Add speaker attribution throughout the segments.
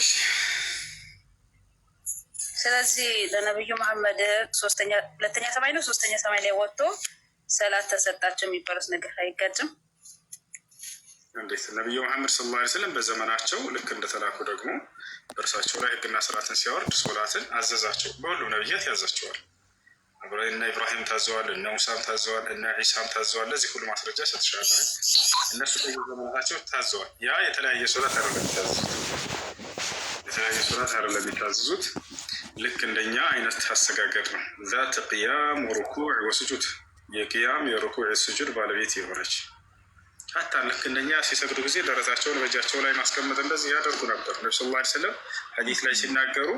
Speaker 1: እሺ ስለዚህ ለነቢዩ መሐመድ ሶስተኛ ሁለተኛ ሰማይ ነው ሶስተኛ ሰማይ ላይ ወጥቶ ሰላት ተሰጣቸው የሚባሉት ነገር አይጋጭም።
Speaker 2: እንዴት ነቢዩ መሐመድ ሰለላሁ ዐለይሂ ወሰለም በዘመናቸው ልክ እንደተላኩ ደግሞ በእርሳቸው ላይ ህግና ስርዓትን ሲያወርድ ሶላትን አዘዛቸው። በሁሉም ነቢያት ያዛቸዋል። እነ ኢብራሂም ታዘዋል፣ እነ ሙሳም ታዘዋል፣ እነ ዒሳም ታዘዋል። ለዚህ ሁሉ ማስረጃ ሰጥሻለ። እነሱ በዘመናቸው ታዘዋል። ያ የተለያየ ሶላት አደረገ ታዘ የተለያዩ ሶላት አይደለም የሚታዘዙት። ልክ እንደኛ አይነት አሰጋገድ ነው። ዛት ቅያም ሩኩዕ ወስጁድ የቅያም የሩኩዕ ስጁድ ባለቤት የሆነች ሀታ ልክ እንደኛ ሲሰግዱ ጊዜ ደረታቸውን በእጃቸው ላይ ማስቀመጥ እንደዚህ ያደርጉ ነበር። ነብ ስለ ላ ስለም ሀዲት ላይ ሲናገሩ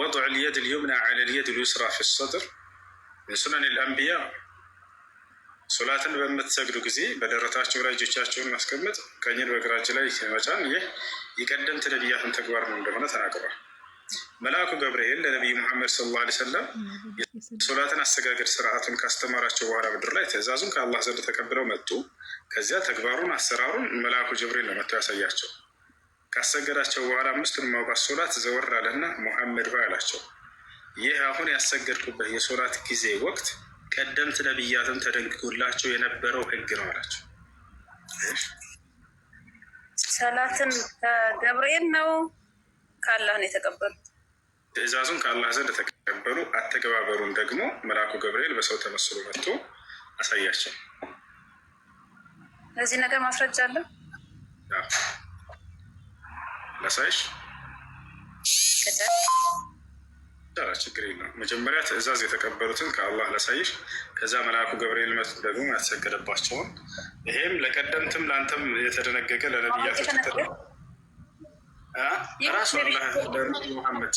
Speaker 2: ወضዕ ልየድ ልዩምና ዐለ ልየድ ልዩስራ ፊ ሰድር ሱነን ልአንብያ ሶላትን በምትሰግዱ ጊዜ በደረታቸው ላይ እጆቻቸውን ማስቀመጥ፣ ቀኝን በግራቸው ላይ መጫን ይህ የቀደምት ነቢያትን ተግባር ነው እንደሆነ ተናግሯል። መልአኩ ገብርኤል ለነቢዩ ሙሐመድ ሰለላሁ ዓለይሂ ወሰለም የሶላትን አሰጋገድ ስርዓቱን ካስተማራቸው በኋላ ምድር ላይ ትእዛዙን ከአላህ ዘንድ ተቀብለው መጡ። ከዚያ ተግባሩን አሰራሩን መልአኩ ጅብሪል ነው መጥቶ ያሳያቸው። ካሰገዳቸው በኋላ አምስቱን ማውቃት ሶላት ዘወር አለና ሙሐመድ ሆይ አላቸው፣ ይህ አሁን ያሰገድኩበት የሶላት ጊዜ ወቅት ቀደምት ነቢያትም ተደንግጎላቸው የነበረው ህግ ነው አላቸው።
Speaker 1: ሰላትን ከገብርኤል ነው ከአላህ ነው
Speaker 2: ትእዛዙን ከአላህ ዘንድ ተቀበሉ። አተገባበሩን ደግሞ መልአኩ ገብርኤል በሰው ተመስሎ መጥቶ አሳያቸው።
Speaker 1: ለዚህ ነገር ማስረጃ አለ?
Speaker 2: ለሳይሽ ይቻላል፣ ችግር የለም። መጀመሪያ ትእዛዝ የተቀበሉትን ከአላህ ላሳይሽ፣ ከዛ መልአኩ ገብርኤል መት ደግሞ ያሰገደባቸውን ይሄም ለቀደምትም ለአንተም የተደነገገ ለነቢያቶች ራሱ ሙሐመድ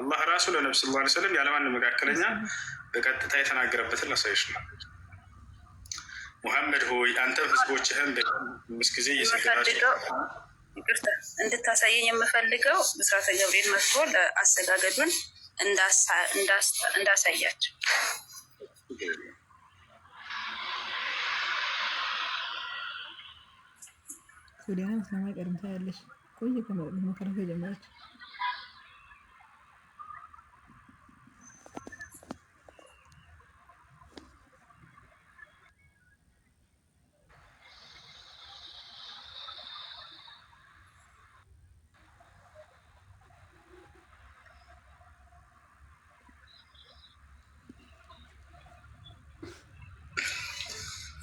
Speaker 2: አላህ ራሱ ለነብ ስ ላ ስለም ያለማን መካከለኛ በቀጥታ የተናገረበትን ላሳይሽ ነው። ሙሐመድ ሆይ አንተም ህዝቦችህን በአምስት ጊዜ እየሰገዳቸው
Speaker 1: እንድታሳየኝ የምፈልገው ብስራተ ገብርኤል መጥቶ ለአሰጋገዱን እንዳሳያቸው ሱዳንም ስለማይቀርም ታያለሽ ቆየ ከመቅደስ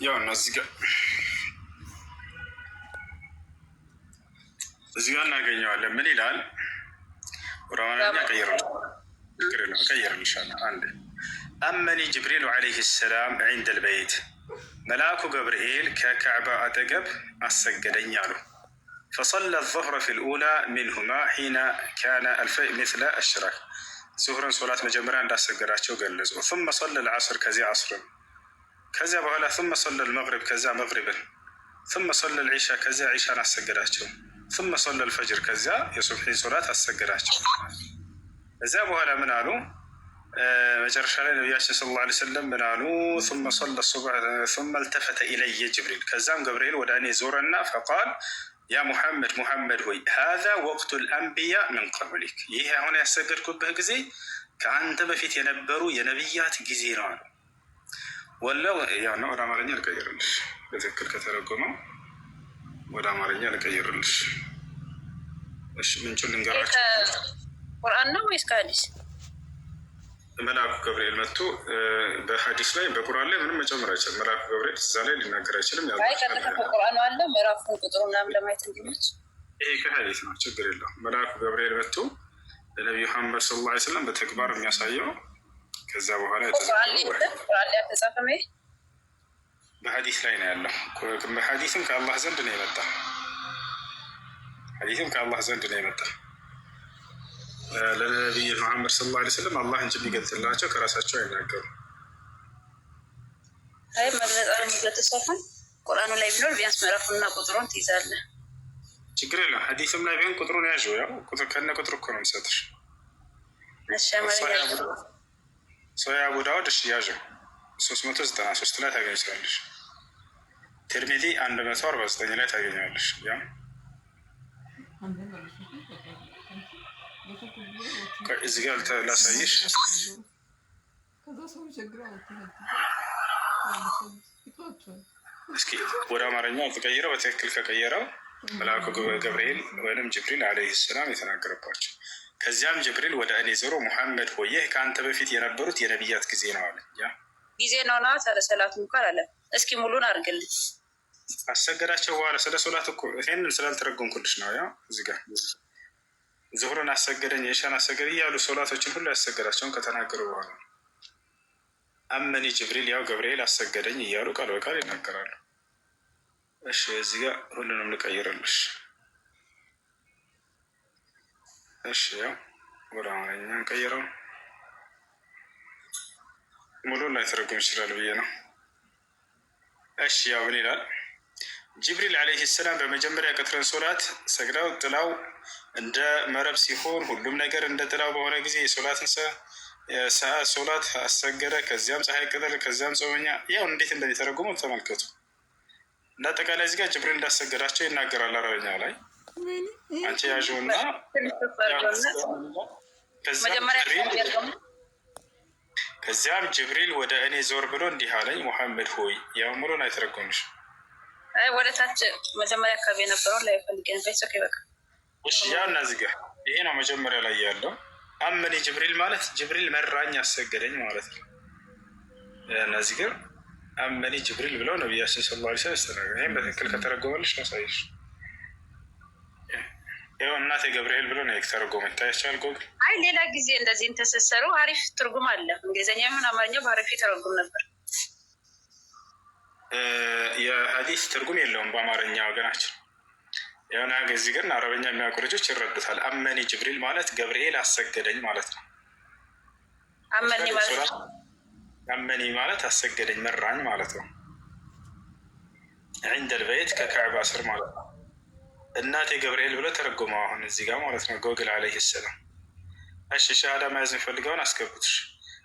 Speaker 2: ያው እና እዚህ ጋር እዚህ ጋር እናገኘዋለን። ምን ይላል? ወደ አማርኛ ቀይርልሻለሁ። አንድ አመኒ ጅብሪሉ ዓለይህ ሰላም ዒንደ ልበይት መልአኩ ገብርኤል ከካዕባ አጠገብ አሰገደኝ አሉ። ፈሰለ ظህረ ፊ ልኡላ ሚንሁማ ሒና ካነ አልፈይ ምትለ አሽራክ ዙሁርን ሶላት መጀመሪያ እንዳሰገዳቸው ገለጹ። ثመ ሰለ ልዓስር ከዚህ ዓስርን ከዚ በኋላ ثم صلى المغرب كذا مغربا ثم صلى العشاء ከዚያ عشاء አሰገዳቸው ثم صلى الفجر كذا يا ከዚያ صلاة ሶላት አሰገዳቸው እዚያ በኋላ ምን ما መጨረሻ ላይ النبي ስለ ላ ስለም ምን አሉ ثم صلى الصبح ثم التفت إلي جبريل ከዛም جبريل وداني እኔ فقال يا محمد محمد هوي هذا وقت الأنبياء من قبلك يهي هنا السجر كبه كزي كأنت بفيت ينبرو ينبيات كزي نعلم ወላው ያው ነው። ወደ አማርኛ ልቀይርልሽ፣ በትክክል ከተረጎመው ወደ አማርኛ ልቀይርልሽ። እሺ ምንጩን ልንገራቸው።
Speaker 1: ቁርአን ነው ወይስ ከሀዲስ?
Speaker 2: መልአኩ ገብርኤል መጥቶ በሀዲስ ላይ በቁርአን ላይ ምንም መጨመር አይችልም። መልአኩ ገብርኤል እዛ ላይ ሊናገር አይችልም።
Speaker 1: ቁርአን አለ ምዕራፉን ቁጥሩ ምናምን ለማየት እንዲመች
Speaker 2: ይሄ ከሀዲስ ነው፣ ችግር የለውም። መልአኩ ገብርኤል መጥቶ ለነቢዩ መሐመድ ሰለላሁ ዓለይሂ ወሰለም በተግባር የሚያሳየው ከዛ በኋላ ተጻፈመ በሀዲስ ላይ ነው ያለው። ሀዲስም ከአላህ ዘንድ ነው የመጣ ሀዲስም ከአላህ ዘንድ ነው የመጣ ለነቢይ መሐመድ ስለ ላ ስለም አላህ እንጂ የሚገልጽላቸው ከራሳቸው አይናገሩም።
Speaker 1: መግለጽ ቁርአኑ ላይ ቢኖር ቢያንስ ምዕራፉና ቁጥሩን ትይዛለህ።
Speaker 2: ችግር የለም። ሀዲስም ላይ ቢሆን ቁጥሩን ያዥው። ያው ከነ ቁጥሩ እኮ ነው የሚሰጥር ሶሂህ አቡ ዳውድ ሽያጅ ነው 393 ላይ ታገኝቻለሽ። ትርሚዚ 149 ላይ ታገኛለሽ። እዚህ ጋር ላሳይሽ። እስኪ ወደ አማረኛ ተቀይረው በትክክል ከቀየረው መልአኩ ገብርኤል ወይም ጅብሪል አለይሂ ሰላም የተናገረባቸው ከዚያም ጅብሪል ወደ እኔ ዞሮ ሙሐመድ ሆይ ይህ ከአንተ በፊት የነበሩት የነቢያት ጊዜ ነው አለ።
Speaker 1: ጊዜ ነው ነውና ሰላት ሙካል አለ። እስኪ ሙሉን አርግል
Speaker 2: አሰገዳቸው በኋላ ስለ ሶላት እኮ ይህንን ስላልተረጎምኩልሽ ነው። ያው እዚህ ጋ ዝሁርን አሰገደኝ፣ የሻን አሰገደ እያሉ ሶላቶችን ሁሉ ያሰገዳቸውን ከተናገሩ በኋላ አመኒ ጅብሪል ያው ገብርኤል አሰገደኝ እያሉ ቃል በቃል ይናገራሉ። እሺ እዚህ ጋ ሁሉንም ልቀይርልሽ እሺ ያው ወደ አማርኛ እንቀይረው። ሙሉ ላይተረጉም ይችላል ብዬ ነው። እሺ ያው ምን ይላል? ጅብሪል ዓለይህ ሰላም በመጀመሪያ ቀትርን ሶላት ሰግደው ጥላው እንደ መረብ ሲሆን ሁሉም ነገር እንደ ጥላው በሆነ ጊዜ የሶላትን ሶላት አሰገደ። ከዚያም ፀሐይ ቅጠል፣ ከዚያም ጾመኛ። ያው እንዴት እንደሚተረጉሙ ተመልከቱ። እንደ አጠቃላይ እዚህ ጋር ጅብሪል እንዳሰገዳቸው ይናገራል አረበኛው ላይ አንቺ ያዥውና ከዚያም ጅብሪል ወደ እኔ ዞር ብሎ እንዲህ አለኝ፣ ሙሐመድ ሆይ የአእምሮን አይተረጎምሽ
Speaker 1: ወደ ታች መጀመሪያ አካባቢ የነበረውን ላይ ፈልገንበት ይበቃ።
Speaker 2: እሺ ያ እናዚጋ ይሄ ነው መጀመሪያ ላይ ያለው። አመኒ ጅብሪል ማለት ጅብሪል መራኝ ያሰገደኝ ማለት ነው። እናዚህ ግን አመኒ ጅብሪል ብለው ነቢያችን ስለ ላ ስለም ይስተናገ ይህም በትክክል ከተረጎመልሽ ነው ሳይሽ ይኸው እናቴ ገብርኤል ብሎ ነው የተረጎመ ይታያቸዋል። ጎግል
Speaker 1: አይ ሌላ ጊዜ እንደዚህ እንተሰሰሩ አሪፍ ትርጉም አለ። እንግሊዝኛ ምን አማርኛ በአሪፍ የተረጉም ነበር።
Speaker 2: የሀዲስ ትርጉም የለውም በአማርኛ ወገናችን። የሆነ እዚህ ግን አረበኛ የሚያውቁ ልጆች ይረዱታል። አመኒ ጅብሪል ማለት ገብርኤል አሰገደኝ ማለት ነው።
Speaker 1: አመኒ ማለት
Speaker 2: አመኒ ማለት አሰገደኝ መራኝ ማለት ነው። ዒንደል በይት ከካዕባ ስር ማለት ነው። እናቴ ገብርኤል ብሎ ተረጎመው። አሁን እዚህ ጋር ማለት ነው ጎግል አለይህ ሰላም። እሺ ሻሃዳ መያዝ የሚፈልገውን አስገቡት።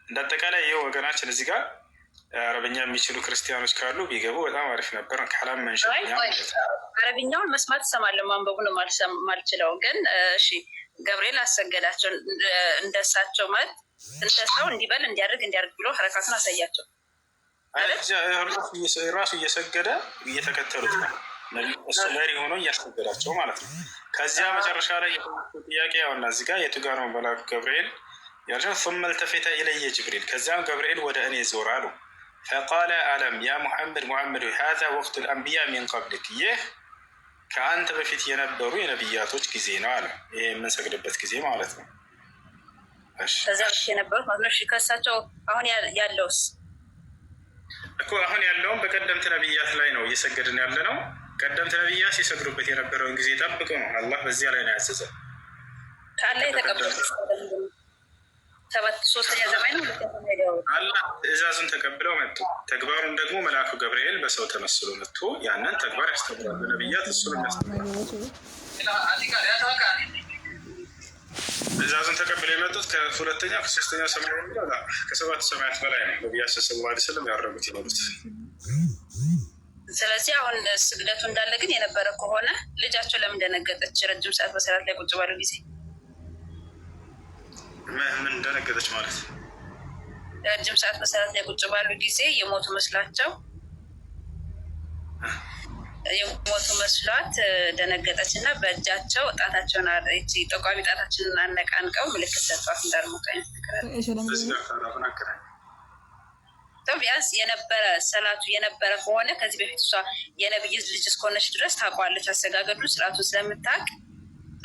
Speaker 2: እንደ አጠቃላይ ይህ ወገናችን እዚህ ጋር አረብኛ የሚችሉ ክርስቲያኖች ካሉ ቢገቡ በጣም አሪፍ ነበር። ካላም መንሽ
Speaker 1: አረብኛውን መስማት እሰማለሁ፣ ማንበቡን ማልችለው ግን። እሺ ገብርኤል አሰገዳቸው እንደሳቸው ማለት እንደሰው እንዲበል እንዲያደርግ እንዲያደርግ ብሎ ሀረካቱን አሳያቸው።
Speaker 2: ራሱ እየሰገደ እየተከተሉት ነው እሱ መሪ ሆኖ እያስነገዳቸው ማለት ነው። ከዚያ መጨረሻ ላይ ጥያቄ ያውና እዚህ ጋር የቱ ጋር ነው መላኩ ገብርኤል ያልቸው ثم التفت الي جبريل ከዚያም ገብርኤል ወደ እኔ ዞር አሉ فقال አለም ያ ሙሐመድ ሙሐመድ هذا وقت الانبياء من قبلك ይህ ከአንተ በፊት የነበሩ የነብያቶች ጊዜ ነው አለ። ይሄ የምንሰግድበት ጊዜ ማለት ነው።
Speaker 1: ከዛ በፊት የነበሩት ማለት ነው። ከእሳቸው አሁን ያለውስ
Speaker 2: እኮ አሁን ያለውም በቀደምት ነብያት ላይ ነው እየሰገድን ያለ ነው። ቀደምት ነቢያ ሲሰግዱበት የነበረውን ጊዜ ጠብቀው ነው። አላህ በዚያ ላይ ነው ያዘዘ። አላህ ትእዛዙን ተቀብለው መጡ። ተግባሩን ደግሞ መልአኩ ገብርኤል በሰው ተመስሎ መጥቶ ያንን ተግባር ያስተምራል። በነቢያት እሱን ያስተምራል። ትእዛዙን ተቀብለው የመጡት ከሁለተኛው ከሶስተኛው ሰማይ ከሰባቱ ሰማያት በላይ ነው። ነቢያችን ስለ ላ ስለም ያረጉት ይበሉት
Speaker 1: ስለዚህ አሁን ስግደቱ እንዳለ ግን የነበረ ከሆነ ልጃቸው ለምን ደነገጠች? ረጅም ሰዓት በሰላት ላይ ቁጭ ባሉ ጊዜ
Speaker 2: ምን ደነገጠች ማለት
Speaker 1: ረጅም ሰዓት በሰላት ላይ ቁጭ ባሉ ጊዜ የሞቱ መስሏቸው የሞቱ መስሏት ደነገጠች እና በእጃቸው ጣታቸውን ጠቋሚ ጣታችንን አነቃንቀው ምልክት ሰጥቷት እንዳልሞቀኝ ተው ቢያንስ የነበረ ሰላቱ የነበረ ከሆነ ከዚህ በፊት እሷ የነብይ ልጅ እስከሆነች ድረስ ታውቋለች። አሰጋገዱ ስርዓቱን ስለምታውቅ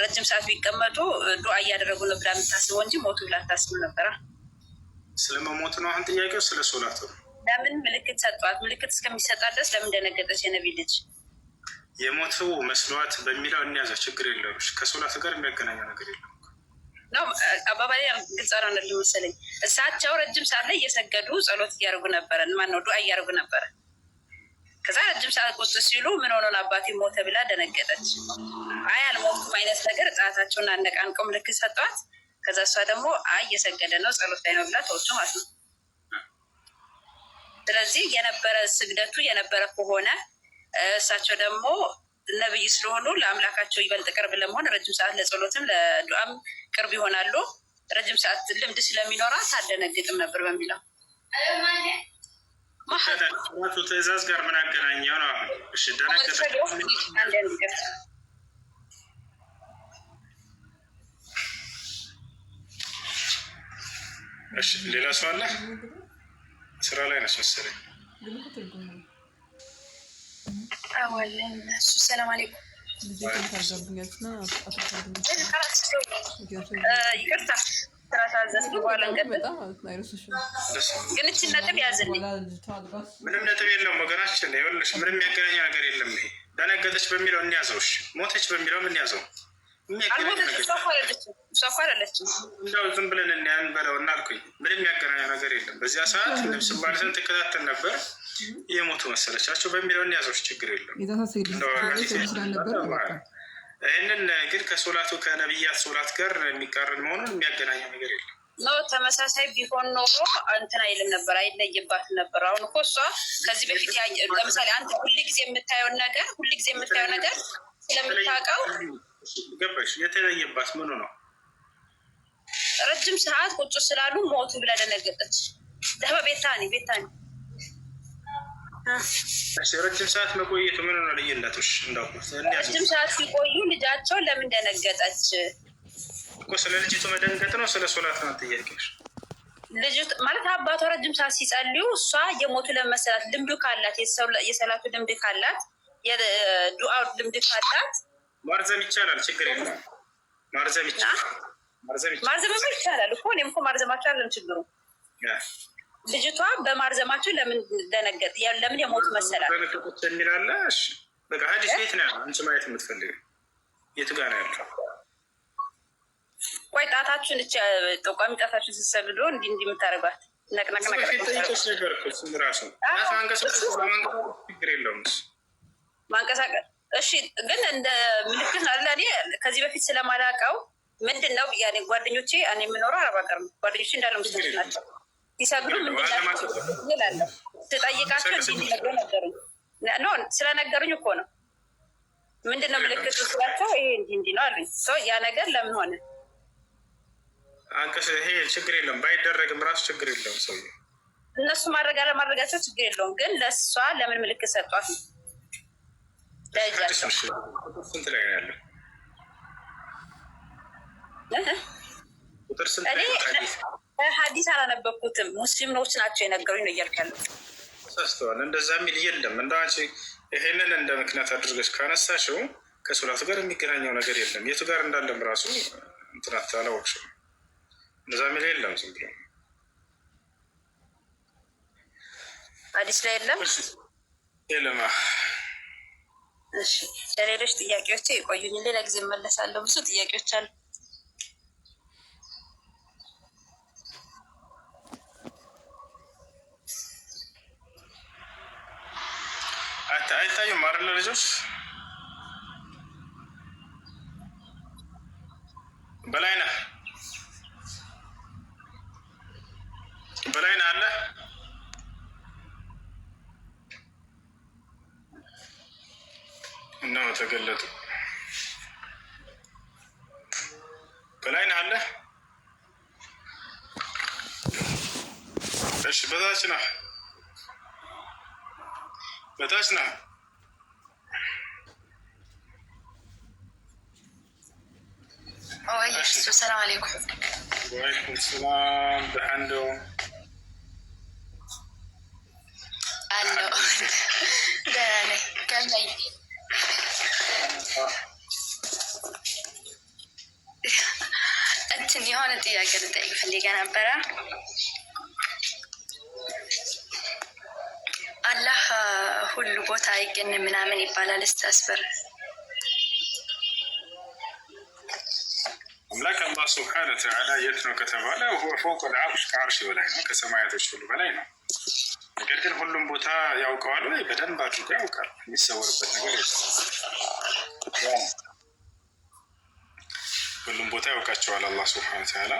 Speaker 1: ረጅም ሰዓት ቢቀመጡ ዱዓ እያደረጉ ነው ብላ የምታስበው እንጂ ሞቱ ብላ ታስብ ነበረ።
Speaker 2: ስለመሞት ነው አሁን ጥያቄው፣ ስለ ሶላቱ
Speaker 1: ለምን ምልክት ሰጧት? ምልክት እስከሚሰጣ ድረስ ለምን ደነገጠች? የነብይ ልጅ
Speaker 2: የሞቱ መስሏት በሚለው እንያዘ ችግር የለሽ። ከሶላት ጋር የሚያገናኘው ነገር የለም።
Speaker 1: አባባሌ ግልጽ አልሆነልኝ መሰለኝ። እሳቸው ረጅም ሰዓት ላይ እየሰገዱ ጸሎት እያደርጉ ነበረ። ማን ነው ዱዓ እያደርጉ ነበረ። ከዛ ረጅም ሰዓት ቁጭ ሲሉ ምን ሆነን አባቴ ሞተ ብላ ደነገጠች። አይ አልሞቱም አይነት ነገር ጣታቸውን አነቃንቀው ምልክት ሰጧት። ከዛ እሷ ደግሞ አይ እየሰገደ ነው ጸሎት ላይ ነው ብላ ተወቹ ማለት ነው። ስለዚህ የነበረ ስግደቱ የነበረ ከሆነ እሳቸው ደግሞ ነብይ ስለሆኑ ለአምላካቸው ይበልጥ ቅርብ ለመሆን ረጅም ሰዓት ለጸሎትም ለዱዓም ቅርብ ይሆናሉ። ረጅም ሰዓት ልምድ ስለሚኖራት አደነግጥም ነበር በሚለው
Speaker 2: ትእዛዝ ጋር ምን አገናኘው ነው? እሺ ሌላ ሰው አለ ስራ ላይ ነች መሰለኝ
Speaker 1: አዋለን ሰላም አለይኩም። ይቅርታ ስራ ታዘዝኩ በኋላ ነጥብ ያዝልኝ።
Speaker 2: ምንም ነጥብ የለውም ወገናችን፣ ይኸውልሽ ምንም የሚያገናኘ ነገር የለም። ይሄ ደነገጠች በሚለው እንያዘውሽ፣ ሞተች በሚለው እንያዘው። እንደው ዝም ብለን እንያን በለው እና ምንም የሚያገናኘ ነገር የለም። በዚያ ሰዓት ልብስ ባልሰን ትከታተል ነበር የሞቱ መሰለቻቸው በሚለው ያዞች ችግር የለም። ይህንን ግን ከሶላቱ ከነብያት ሶላት ጋር የሚቃረን መሆኑን የሚያገናኘው ነገር የለም።
Speaker 1: ነው ተመሳሳይ ቢሆን ኖሮ እንትን አይልም ነበር፣ አይለይባትም ነበር። አሁን እኮ እሷ ከዚህ በፊት ለምሳሌ አንተ ሁልጊዜ የምታየውን ነገር ሁልጊዜ የምታየው ነገር ስለምታውቀው
Speaker 2: ገባሽ። የተለየባት ምኑ ነው?
Speaker 1: ረጅም ሰዓት ቁጭ ስላሉ ሞቱ ብላ ደነገጠች። ደህበ ቤታኔ ቤታኔ
Speaker 2: ረጅም ሰዓት መቆየቱ ምን ሆነ ልዩነቶች?
Speaker 1: ረጅም ሰዓት ሲቆዩ ልጃቸው ለምን ደነገጠች?
Speaker 2: እኮ ስለ ልጅቱ መደንገጥ ነው ስለ ሶላት ነው ጥያቄሽ?
Speaker 1: ልጅቱ ማለት አባቷ ረጅም ሰዓት ሲጸልዩ እሷ የሞቱ ለመሰላት ልምዱ ካላት የሰላቱ ልምድ ካላት የዱዓው ልምድ ካላት
Speaker 2: ማርዘም ይቻላል፣ ችግር የለም። ማርዘም ይቻላል፣
Speaker 1: ማርዘም ይቻላል እኮ እኔም እኮ ማርዘማቸው አለም ችግሩ ልጅቷ በማርዘማቸው ለምን ደነገጥ ለምን የሞት መሰላል
Speaker 2: የሚላለሽ በቃ ሀዲስ ቤት ነው አንቺ ማየት የምትፈልግ የቱ ጋር ነው ያለው?
Speaker 1: ቆይ ጣታችሁን እ ጠቋሚ ጣታችሁን ስትሰግዱ እንዲህ እንዲህ የምታደርጓት ነገር ማንቀሳቀስ እሺ። ግን እንደ ምልክት አለ። እኔ ከዚህ በፊት ስለማላውቀው ምንድን ነው ያኔ ጓደኞቼ እኔ የምኖረው አረብ ነው ጓደኞቼ እንዳለ ናቸው ሲሰግዱ ምንድላለሁ ስጠይቃቸው እንዲነገ ነገሩኝ። ኖ ስለነገሩኝ እኮ ነው። ምንድን ነው ምልክቱ ስላቸው ይሄ እንዲህ እንዲህ ነው አሉኝ። ያ ነገር ለምን ሆነ?
Speaker 2: አንተስ ይሄ ችግር የለም ባይደረግም ራሱ ችግር የለውም። ሰው
Speaker 1: እነሱ ማድረግ አለማድረጋቸው ችግር የለውም። ግን ለእሷ ለምን ምልክት ሰጧት?
Speaker 2: ለእጃቸው ስንት ላይ ነው ያለው? ቁጥር ስንት ላይ
Speaker 1: ነው? ሐዲስ አላነበብኩትም። ሙስሊሞች ናቸው የነገሩኝ ነው እያልክ ያለው
Speaker 2: ተሳስተዋል። እንደዛ የሚል የለም። እንደ አንቺ ይሄንን እንደ ምክንያት አድርገሽ ካነሳሽው ከሶላት ጋር የሚገናኘው ነገር የለም። የቱ ጋር እንዳለም ራሱ እንትናት አላወቅሽም። እንደዛ የሚል የለም። ዝም ብሎ
Speaker 1: ሐዲስ ላይ የለም የለም። እሺ፣ ለሌሎች ጥያቄዎች የቆዩኝ ሌላ ጊዜ መለሳለሁ። ብዙ ጥያቄዎች አሉ።
Speaker 2: አይታዩም አይደለ ልጆች በላይነህ በላይነህ አለ እናው ተገለጡ በላይነህ አለ እሺ በዛች ነህ بتاشنا
Speaker 1: وي السلام عليكم
Speaker 2: وعليكم السلام بحندو
Speaker 1: الو داني كان جاي آه. انت نيونه تي اكلت اي خلي كان برا ሁሉ ቦታ አይገኝም ምናምን ይባላል። እስቲ አስበር
Speaker 2: አምላክ አላህ ስብሓነ ተዓላ የት ነው ከተባለ ፎቅ ልዓርሽ ከዓርሽ በላይ ነው፣ ከሰማያቶች ሁሉ በላይ ነው። ነገር ግን ሁሉም ቦታ ያውቀዋል ወይ? በደንብ አድርጎ ያውቃል። የሚሰወርበት ነገር ሁሉም ቦታ ያውቃቸዋል። አላህ ስብሓነ ተዓላ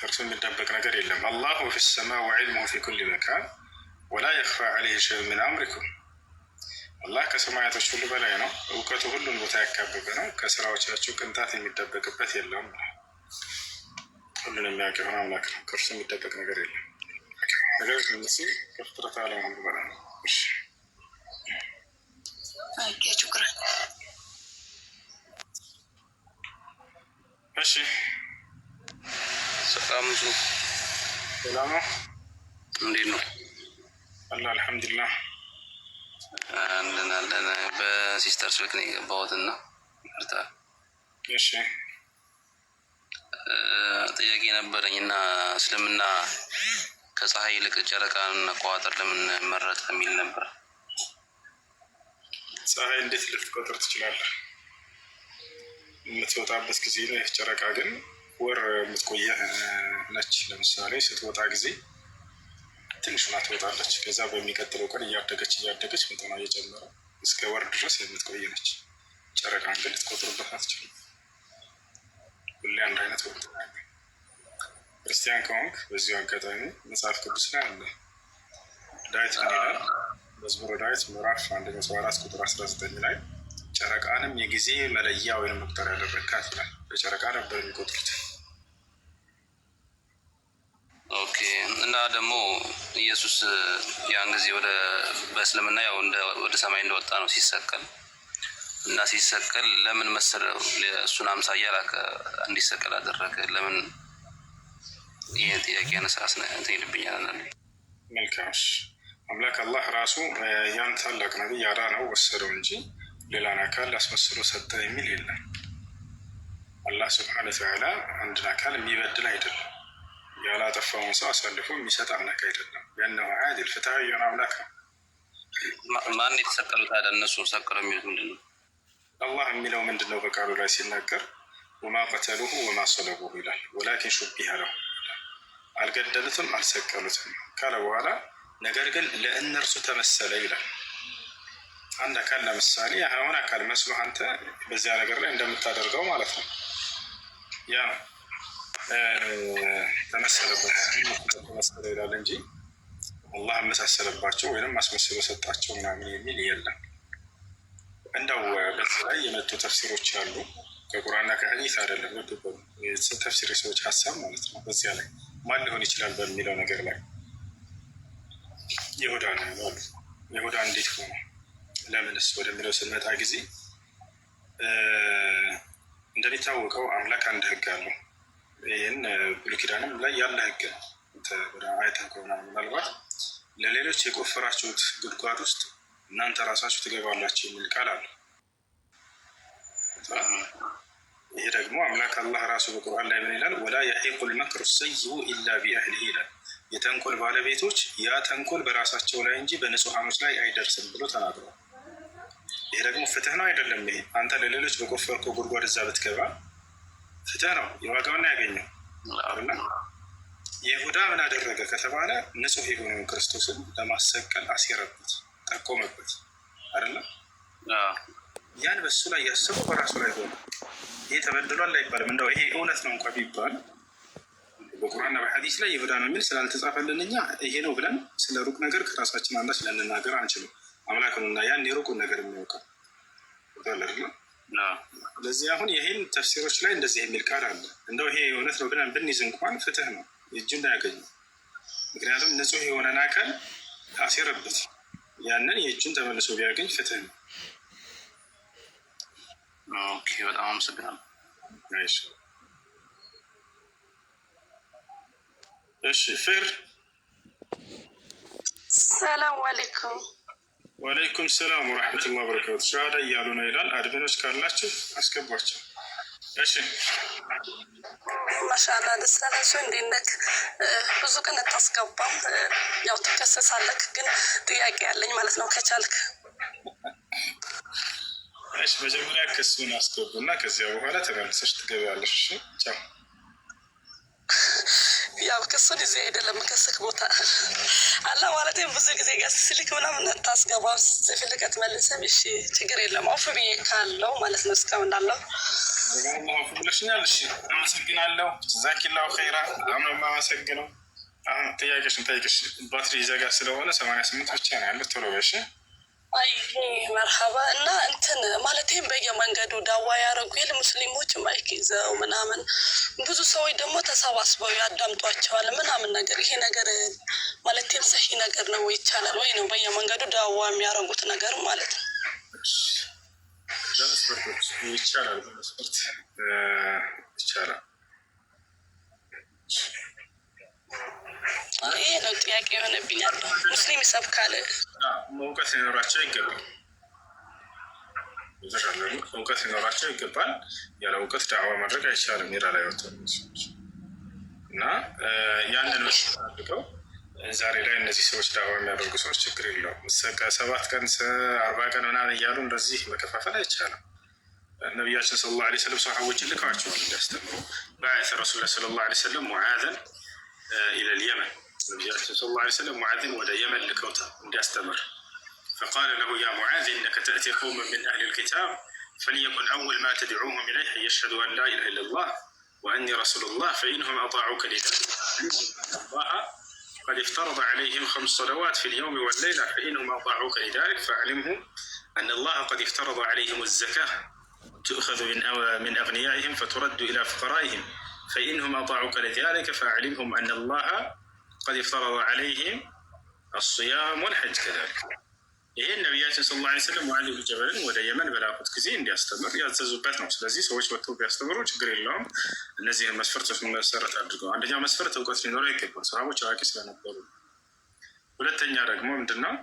Speaker 2: ከእርሱ የሚደበቅ ነገር የለም። አላሁ ፊ ሰማ ወዕልሙሁ ፊ ኩል መካን ወላ የኽፋ ዓለይህ ሸይ ምን አምሪኩም አላህ ከሰማያቶች ሁሉ በላይ ነው። እውቀቱ ሁሉን ቦታ ያካበበ ነው። ከስራዎቻችሁ ቅንጣት የሚደበቅበት የለም። ሁሉን የሚያውቅ የሆነ አምላክ ነው። ከእርሱ የሚደበቅ ነገር የለም። ነገር ግን ምስ ከፍጥረት ዓለም ሁሉ በላይ ነው። እሺ ሰላም ሰላሙ እንዴት ነው? አላ አልሐምዱሊላህ
Speaker 3: አለን አለን። በሲስተር ስልክ ነው የገባሁት እና ይቅርታ። ጥያቄ ነበረኝ እና እስልምና ከፀሐይ ይልቅ ጨረቃን አቆጣጠር ለምን መረጠ የሚል ነበር።
Speaker 2: ፀሐይ እንዴት ልትቆጥር ትችላለህ? የምትወጣበት ጊዜ ነህ። ጨረቃ ግን ወር የምትቆየ ነች። ለምሳሌ ስትወጣ ጊዜ ትንሽ ሆና ትወጣለች። ከዛ በሚቀጥለው ቀን እያደገች እያደገች መጠኗ እየጨመረ እስከ ወር ድረስ የምትቆይ ነች። ጨረቃ ግን ልትቆጥሩበት አትችልም። ሁሌ አንድ አይነት ወቅት ያለ ክርስቲያን ከሆንክ በዚሁ አጋጣሚ መጽሐፍ ቅዱስ ላይ አለ። ዳዊት ምን ይላል? መዝሙረ ዳዊት ምዕራፍ አንድ መቶ አራት ቁጥር አስራ ዘጠኝ ላይ ጨረቃንም የጊዜ መለያ ወይም መቁጠሪያ ያደረግካት ይላል። በጨረቃ ነበር የሚቆጥሩት
Speaker 3: ኦኬ እና ደግሞ ኢየሱስ ያን ጊዜ ወደ በእስልምና ያው ወደ ሰማይ እንደወጣ ነው ሲሰቀል እና ሲሰቀል ለምን መሰለው እሱን አምሳያ ላከ እንዲሰቀል አደረገ። ለምን ይህን ጥያቄ ያነሳስ ይልብኛል።
Speaker 2: መልካሽ አምላክ አላህ ራሱ ያን ታላቅ ነቢይ ያዳ ነው ወሰደው እንጂ ሌላን አካል አስመስሎ ሰጠ የሚል የለም። አላህ ስብሐነ ወተዓላ አንድን አካል የሚበድል አይደለም። ያላጠፋውን ሰው አሳልፎ የሚሰጥ አምላክ አይደለም። ያነው አድል ፍትሐዊ የሆነ አምላክ ነው።
Speaker 3: ማን የተሰቀሉ ታዲያ እነሱ ሰቅለው የሚሉት ምንድን ነው?
Speaker 2: አላህ የሚለው ምንድን ነው? በቃሉ ላይ ሲናገር ወማ ቀተሉሁ ወማ ሰለቡሁ ይላል። ወላኪን ሹቢሀ ለሁ አልገደሉትም፣ አልሰቀሉትም ካለ በኋላ ነገር ግን ለእነርሱ ተመሰለ ይላል። አንድ አካል ለምሳሌ የሆነ አካል መስሎህ አንተ በዚያ ነገር ላይ እንደምታደርገው ማለት ነው ያ ነው ተመሰለበት ይላል እንጂ አላህ አመሳሰለባቸው ወይም አስመስሎ ሰጣቸው ምናምን የሚል የለም። እንደው በዚህ ላይ የመጡ ተፍሲሮች አሉ። ከቁርአንና ከሐዲስ አይደለም፣ ተፍሲር ሰዎች ሀሳብ ማለት ነው። በዚያ ላይ ማን ሊሆን ይችላል በሚለው ነገር ላይ ይሁዳ ነው አሉ። ይሁዳ እንዴት ሆነ ለምንስ ወደሚለው ስንመጣ ጊዜ እንደሚታወቀው አምላክ አንድ ህግ አለው። ይህን ብሉይ ኪዳንም ላይ ያለ ህግ ነው። አይተን ከሆነ ምናልባት ለሌሎች የቆፈራችሁት ጉድጓድ ውስጥ እናንተ ራሳችሁ ትገባላችሁ የሚል ቃል አለ። ይሄ ደግሞ አምላክ አላህ ራሱ በቁርአን ላይ ምን ይላል? ወላ የሒቁ ልመክሩ ሰይኡ ኢላ ቢአህሊ ይላል። የተንኮል ባለቤቶች ያ ተንኮል በራሳቸው ላይ እንጂ በንጹሐኖች ላይ አይደርስም ብሎ ተናግሯል። ይሄ ደግሞ ፍትህ ነው አይደለም። ይሄ አንተ ለሌሎች በቆፈርከው ጉድጓድ እዛ ብትገባ ፍተ ነው የዋጋውን ያገኘው እና ይሁዳ ምን አደረገ ከተባለ ንጹህ የሆነውን ክርስቶስን ለማሰቀል አሴረበት፣ ጠቆመበት አይደለም። ያን በሱ ላይ ያስበው በራሱ ላይ ሆነ። ይሄ ተበድሏል አይባልም። እንደው ይሄ እውነት ነው እንኳ ቢባል በቁርአንና በሐዲስ ላይ ይሁዳ ነው የሚል ስላልተጻፈልን እኛ ይሄ ነው ብለን ስለ ሩቅ ነገር ከራሳችን አንዳች ልንናገር አንችልም። አምላክ ነውና ያን የሩቁን ነገር የሚያውቃል። ስለዚህ አሁን ይህን ተፍሲሮች ላይ እንደዚህ የሚል ቃል አለ። እንደው ይሄ እውነት ነው ብለን ብንይዝ እንኳን ፍትህ ነው እጅ እንዳያገኙ። ምክንያቱም ንጹህ የሆነን አካል አሴረበት ያንን የእጁን ተመልሶ ቢያገኝ ፍትህ ነው።
Speaker 3: ኦኬ፣ በጣም አመሰግናለሁ።
Speaker 2: እሺ፣ ፍር
Speaker 4: ሰላም አለይኩም
Speaker 2: ወአለይኩም ሰላም ወረሕመቱላሂ በረካቱ ሸሃዳ እያሉ ነው ይላል። አድሚኖች ካላችሁ አስገቧቸው። እሺ
Speaker 4: ማሻአላ ደሳላሱ እንዴት ብዙ ቀን ታስገባም ያው ትከሰሳለክ ግን ጥያቄ ያለኝ ማለት ነው ከቻልክ።
Speaker 2: እሺ መጀመሪያ ክሱን አስገቡና ከዚያ በኋላ ተመልሰሽ ትገቢያለሽ። ቻው
Speaker 4: ያው ክሱን ይዞ አይደለም ክስክ ቦታ አላ ማለቴ ብዙ ጊዜ ገስ ስልክ ምናምን ታስገባ ስፈልቀት መልሰም እሺ ችግር የለም ኦፍ ብዬ ካለው ማለት ነው። እስካሁን እንዳለው
Speaker 2: ብለሽኛል። እሺ አመሰግናለሁ። ዛኪላው ኸይራ አሁን የማመሰግነው አሁን ጥያቄሽን ጠይቅሽ ባትሪ ዘጋ ስለሆነ ሰማንያ ስምንት ብቻ ነው ያለ ቶሎ በሽ
Speaker 4: አይ መርሀባ እና እንትን ማለትም በየመንገዱ ዳዋ ያደረጉ የል ሙስሊሞች ማይክ ይዘው ምናምን ብዙ ሰዎች ደግሞ ተሰባስበው ያዳምጧቸዋል ምናምን ነገር ይሄ ነገር ማለትም ሰሂ ነገር ነው ይቻላል ወይ ነው በየመንገዱ ዳዋ የሚያደርጉት ነገር ማለት ነው።
Speaker 2: በመስፈርቶች ይቻላል፣ በመስፈርት ይቻላል።
Speaker 4: ይህ ነው ጥያቄ የሆነብኛል። ሙስሊም ይሰብካል፣
Speaker 2: እውቀት ሊኖራቸው ይገባል። እውቀት ሊኖራቸው ይገባል። ያለ እውቀት ዳዕዋ ማድረግ አይቻልም። ሜዳ ላይ ወጥተው እና ያንን መስ ዛሬ ላይ እነዚህ ሰዎች ዳዕዋ የሚያደርጉ ሰዎች ችግር የለውም። ሰባት ቀን አርባ ቀን ምናምን እያሉ እንደዚህ መከፋፈል አይቻልም። ነቢያችን ስለ ላ ሰለም ሰሓቦችን ልከዋቸዋል እንዲያስተምሩ በአያት ረሱላ ስለ ላ ሰለም ሙዓዘን آه، إلى اليمن النبي صلى الله عليه وسلم معاذ ولا يمن لكوتا استمر فقال له يا معاذ إنك تأتي قوما من أهل الكتاب فليكن أول ما تدعوهم إليه ان يشهدوا أن لا إله إلا الله وأني رسول الله فإنهم أطاعوك لذلك الله قد افترض عليهم خمس صلوات في اليوم والليلة فإنهم أطاعوك لذلك فاعلمهم أن الله قد افترض عليهم الزكاة تؤخذ من من أغنيائهم فترد إلى فقرائهم فإنهم أطاعوك لذلك فأعلمهم أن الله قد افترض عليهم الصيام والحج كذلك ይህን ነቢያችን ስለ ላ ስለም ዋሊ ጀበልን ወደ የመን በላኩት ጊዜ እንዲያስተምር ያዘዙበት ነው። ስለዚህ ሰዎች መጥተው ቢያስተምሩ ችግር የለውም። እነዚህን መስፈርቶች መሰረት አድርገው አንደኛው መስፈርት እውቀት ሊኖረው ይገባል። ሰሃቦች አዋቂ ስለነበሩ። ሁለተኛ ደግሞ ምንድነው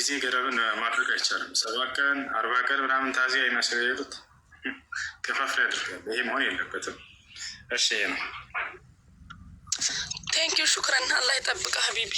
Speaker 2: ጊዜ ገደብን ማድረግ አይቻልም። ሰባት ቀን አርባ ቀን ምናምን ታዚ አይመስል የሄዱት ከፋፍሬ አድርጋል። ይሄ መሆን የለበትም። እሺ
Speaker 4: ቴንኪዩ ሹክረን አላህ ይጠብቀህ ሀቢቢ።